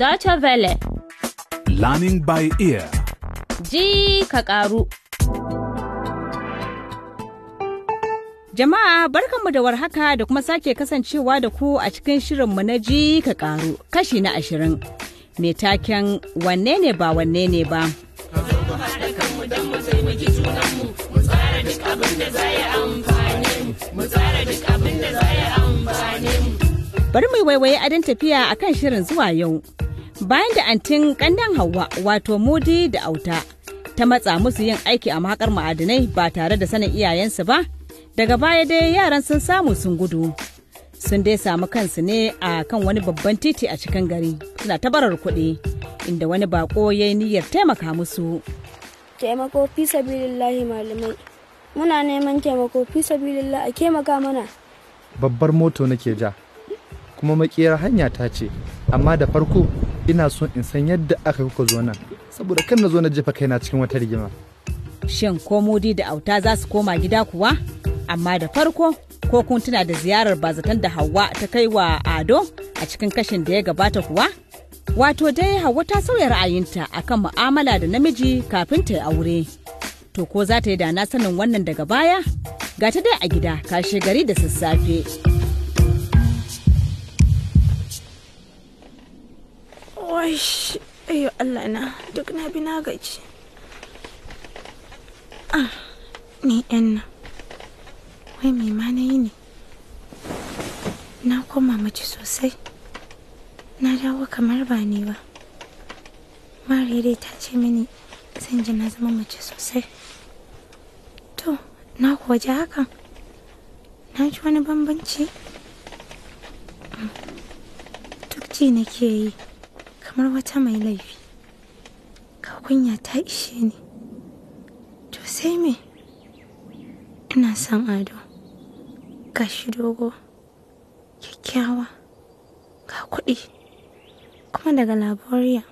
Deutsche Welle. Learning by ear. Ji ka ƙaru. Jama'a barkanmu da warhaka da kuma sake kasancewa da ku a cikin shirinmu na ji ka ƙaru kashi na ashirin. Mai taken wanne ne ba wanne ne ba. Bari mu mai waiwaye adon tafiya akan shirin zuwa yau. bayan da antin kandan hawa wato mudi da auta ta matsa musu yin aiki a mahakar ma'adinai ba tare da sanin iyayensu ba daga baya dai yaran sun samu sun gudu sun dai samu kansu ne a kan wani babban titi a cikin gari suna ta barar kuɗi inda wani bako ya yi niyyar taimaka musu taimako fi sabilillahi malamai muna neman taimako fi sabilillah a kemaka mana babbar moto nake ja kuma makiyar hanya ta ce amma da farko ina so in san yadda aka kuka zo nan saboda kan na zo na jefa kaina cikin wata rigima shin ko komodi da auta za su koma gida kuwa amma da farko ko kun tuna da ziyarar bazatan da hawa ta kai wa ado a cikin kashin da ya gabata kuwa wato dai hawa ta sauya ra'ayinta akan mu'amala da namiji kafin ta yi aure to ko za ta yi da na sanin wannan daga baya ga ta dai a gida kashe gari da sassafe. oish ayo allah na duk na bi na gaji ah ni yan nan wai me ma na yi ne na koma mace sosai na dawo kamar ba ni ba mariya dai ta ce mini zan ji na zama mace sosai to na kuwa ji hakan na ji wani bambanci hmm. duk ji nake yi kamar wata mai laifi ka kunya ta ishe ni to sai me ina son ado ga shi dogo kyakkyawa ga kuɗi kuma daga laboriya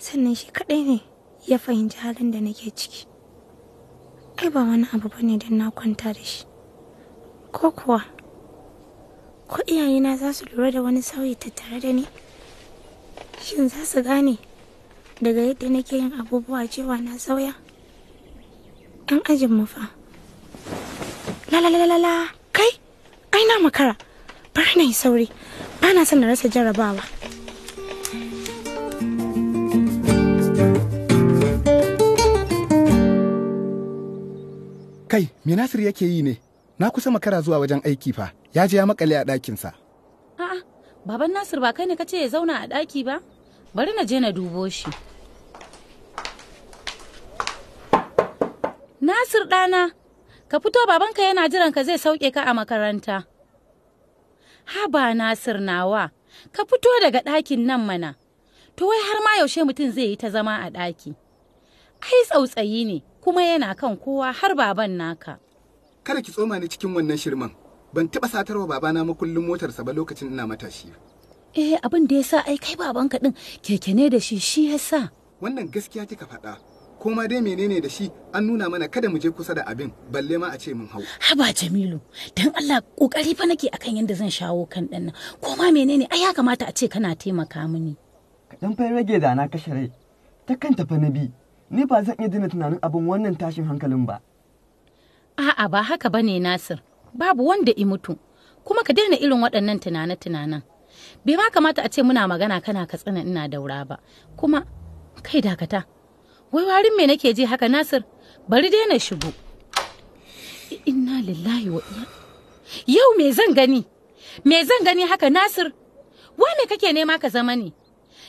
sannan shi kaɗai ne ya fahimci halin da nake ciki ai ba wani abu bane don na kwanta da shi ko kuwa ko iyayena za su lura da wani sauyi tattare da ni shin za su gane daga yadda nake yin abubuwa cewa na sauya ɗan ajin mu fa kai ai na makara bari na yi sauri ba na son na rasa jarabawa kai me nasir yake yi ne na kusa makara zuwa wajen aiki fa ya je ya makale a ɗakinsa a'a baban nasir ba kai ne ka ce ya zauna a ɗaki ba bari na je na dubo shi nasir ɗana ka fito babanka yana jiran ka zai sauke ka a makaranta haba nasir nawa ka fito daga ɗakin nan mana to wai har ma yaushe mutum zai yi ta zama a ɗaki ai tsautsayi ne kuma yana kan kowa har baban naka kada ki tsoma ni cikin wannan shirman ban taɓa satarwa babana makullin motarsa ba lokacin ina matashi eh abin da sa ai kai babanka din keke ne da shi shi yasa wannan gaskiya kika faɗa ko dai menene da shi an nuna mana kada mu je kusa da abin balle ma a ce mun hau haba jamilu dan Allah kokari fa nake akan yadda zan shawo kan dan nan ko ma menene ai ya kamata a ce kana taimaka mini kaɗan fara rage da na kashe rai ta kanta fa na bi ni ba zan iya dina tunanin abin wannan tashin hankalin ba a'a ba haka bane nasir babu wanda i mutu kuma ka daina irin waɗannan tunane-tunanen bai ma kamata a ce muna magana kana katsina ina daura ba kuma kai dakata wai warin me nake ji haka nasir bari dai na shigo inna lillahi wa inna yau me zan gani me zan gani haka nasir wai me kake nema ka zama ne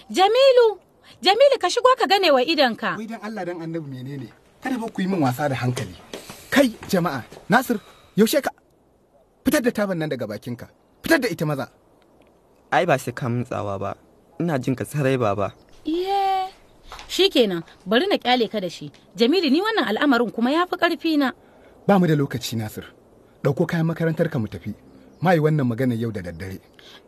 jamilu jamilu ka shigo ka gane wa ka. wai dan allah dan annabi menene kada ba ku yi min wasa da hankali kai jama'a nasir yaushe ka fitar da taban nan daga bakinka fitar da ita maza ai ba sai ka mutsawa ba ina jin ka sarai baba iye shikenan bari na kyale ka da shi jamilu ni wannan al'amarin kuma ya fi karfi na ba mu da lokaci nasir dauko kayan makarantar ka mu tafi mai wannan magana yau da daddare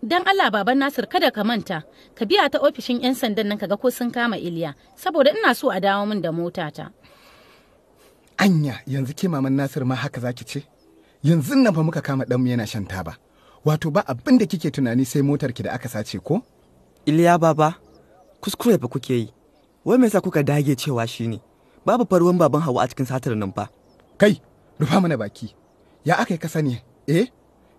dan Allah baban Nasir kada ka manta ka biya ta ofishin yan sandan nan kaga ko sun kama Iliya saboda ina so a dawo min da motata anya yanzu ke maman Nasir ma haka zaki ce yanzu nan fa muka kama danmu yana shan taba wato ba abin da kike tunani sai motar ki da aka sace ko iliya baba kuskure ba kuke yi wai me yasa kuka dage cewa shi ne babu farwan baban hawa a cikin satar nan ba. kai rufa mana baki ya aka yi kasa ne, eh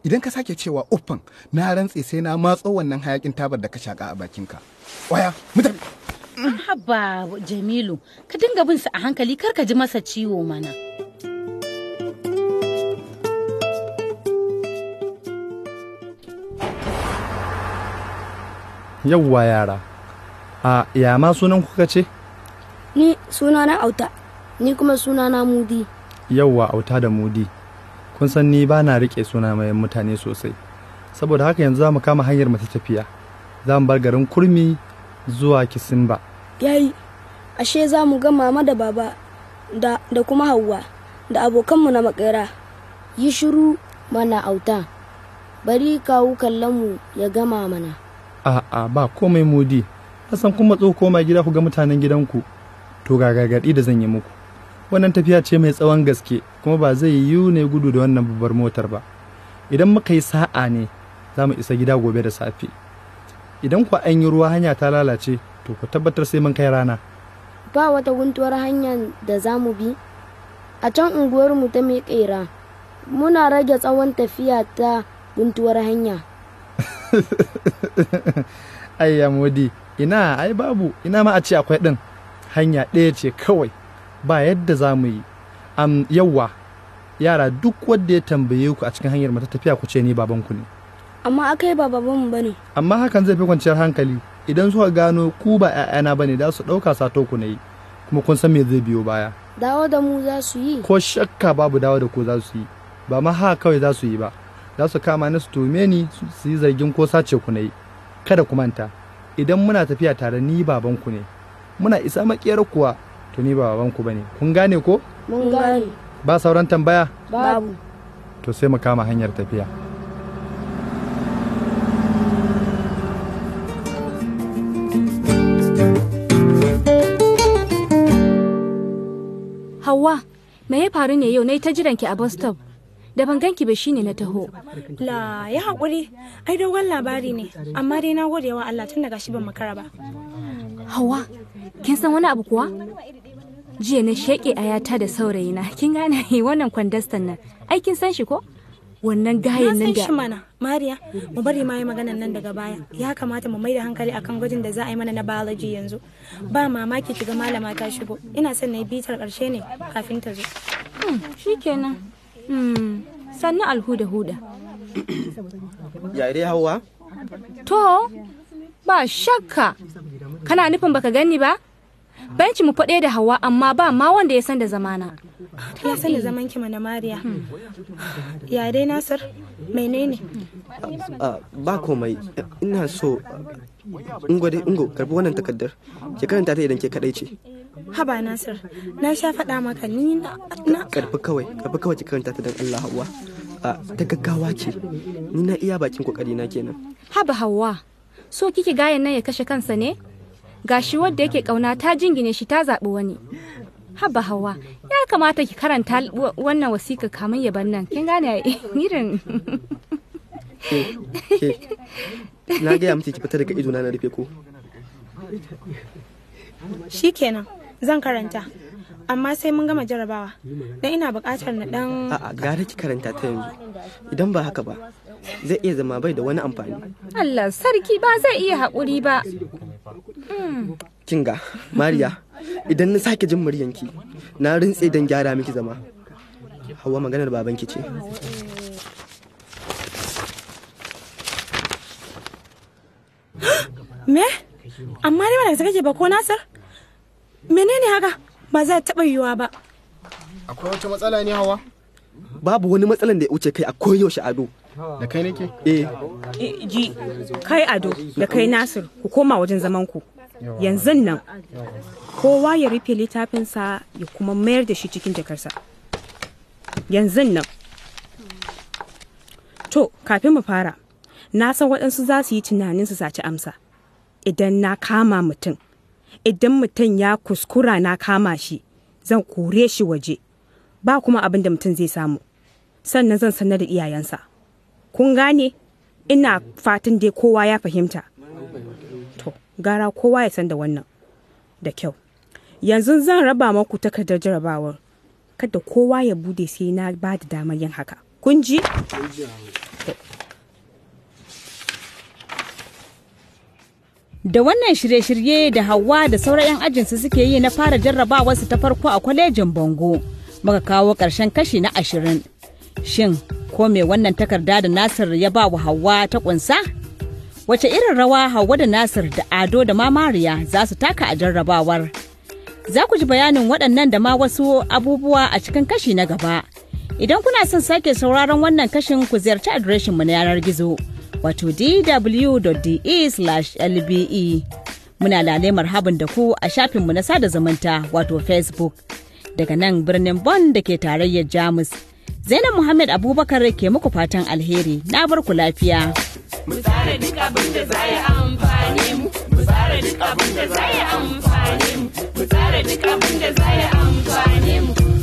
idan ka sake cewa uffan na rantse sai na matso wannan hayakin tabar da ka shaka a bakinka waya mutar. haba jamilu ka dinga bin su a hankali kar ka ji masa ciwo mana yawwa yara a ya ma sunan kuka ce ni sunana auta ni kuma sunana mudi yawwa auta da mudi kun san ni ba na rike suna mai mutane sosai saboda haka yanzu za mu kama hanyar mu tafiya za mu bar garin kurmi zuwa kisimba yayi ashe za mu ga mama da baba da, kuma hauwa da abokanmu na makera yi shiru mana auta bari kawu kallon mu ya gama mana a'a ba komai modi san kuma matso koma gida ku ga mutanen gidanku to ga gargaɗi da zan yi muku wannan tafiya ce mai tsawon gaske kuma ba zai yiwu ne gudu da wannan babbar motar ba idan muka yi sa'a ne za mu isa gida gobe da safe idan ku an yi ruwa hanya ta lalace to ku tabbatar sai mun kai rana ba wata guntuwar hanyar da za mu bi a can unguwarmu ta mai kera muna rage tsawon tafiya ta guntuwar hanya ayya modi ina ai babu ina ma a ce akwai ɗin hanya ɗaya ce kawai ba yadda za mu yi am yawa yara duk wanda ya tambaye ku a cikin hanyar mata tafiya ku ce ni babanku ne amma akai ba babanmu bane amma hakan zai fi kwanciyar hankali idan suka gano ku ba 'ya'yana bane za su ɗauka sato ku na yi kuma kun san me zai biyo baya dawo da mu za su yi ko shakka babu dawo da ku za su yi ba ma ha kawai za su yi ba za su kama ni su tume ni su yi zargin ko sace ku na kada ku manta idan muna tafiya tare ni baban ku ne muna isa makiyar kuwa to ni ba baban ku bane kun gane ko mun gane ba sauran tambaya babu to sai mu kama hanyar tafiya Hawa, me ya faru ne yau na ta jiranki a bus stop? da ban ganki ba shine na taho la ya haƙuri ai dogon labari ne amma dai na gode wa Allah tun daga shi ban makara ba hawa kin san wani abu kuwa jiya na sheƙe ayata da saurayi na kin gane wannan kwandastan nan ai kin san shi ko wannan gayen nan da mana mariya mu bari ma yi maganan nan daga baya ya kamata mu mai da hankali akan gwajin da za a yi mana na biology yanzu ba mamaki ki ga malama ta shigo ina son na yi bitar karshe ne kafin ta zo hmm, shikenan Hmm. sannu alhuda huda ya dai hawa to ba shakka kana nufin baka gani ba banci mu faɗe da hawa amma ba ma wanda ya san da zamana ya san da zaman ki mana mariya ya dai nasir menene ah, ba komai ina so Ungo dai karbi wannan takardar. Ki karanta ta idan ke kadai ce. Haba Nasir, na sha faɗa maka ni na karbi kawai, karbi kawai ki karanta ta dan Allah Hawwa. A ta gaggawa ce. Ni na iya bakin kokari na kenan. Haba Hawwa, so kike ga nan ya kashe kansa ne? Gashi wanda yake kauna ta jingine shi ta zaɓi wani. haba hawa ya kamata ki karanta wannan wasika kamun ya kin gane irin na gaya mace ki fita daga ido na na rufe ko shikenan zan karanta amma sai mun gama jarabawa dan ina buƙatar na dan a'a gara ki karanta ta yanzu idan ba haka ba zai iya zama bai da wani amfani Allah sarki ba zai iya haƙuri ba hmm. kinga mariya idan na sake jin muryanki na rintse dan gyara miki zama hawa maganar babanki ce me amma ne ba da kake ba ko nasir menene haka ba za ta taɓa yiwuwa ba akwai wata matsala ne hawa babu wani matsalan da ya wuce kai a shi ado da kai nake eh e, ji kai ado da kai nasir ku koma wajen zaman ku yanzu nan kowa ya rufe littafinsa ya kuma mayar da shi cikin jakarsa yanzu nan to kafin mu fara na san waɗansu za su yi tunanin su saci amsa idan na kama mutum idan mutum ya kuskura na kama shi zan kore shi waje ba kuma abin da mutum zai samu sannan zan sanar da iyayensa kun gane ina fatan dai kowa ya fahimta to gara kowa ya san da wannan da kyau yanzu zan raba maku takardar jarabawar kada kowa ya bude sai na ba da damar yin haka kun ji? da wannan shirye-shirye da hawa da sauran 'yan ajinsu suke yi na fara jarrabawarsu ta farko a kwalejin bango muka kawo ƙarshen kashi na ashirin shin ko mai wannan takarda da nasir ya ba wa hawa ta ƙunsa? wace irin rawa hawa da nasir da ado da mamariya za su taka a jarrabawar za ku ji bayanin waɗannan da ma wasu abubuwa a cikin kashi na gaba idan kuna son sake sauraron wannan kashin ku ziyarci adireshinmu na yanar gizo wato dw.de/lbe. E. Muna lalemar habin da ku a shafinmu na sada zumunta wato Facebook. Daga nan birnin Bonn da ke tarayyar Jamus. Zainab Muhammad Abubakar ke muku fatan alheri, na barku lafiya. Mu tsara duk abin da za amfani mu.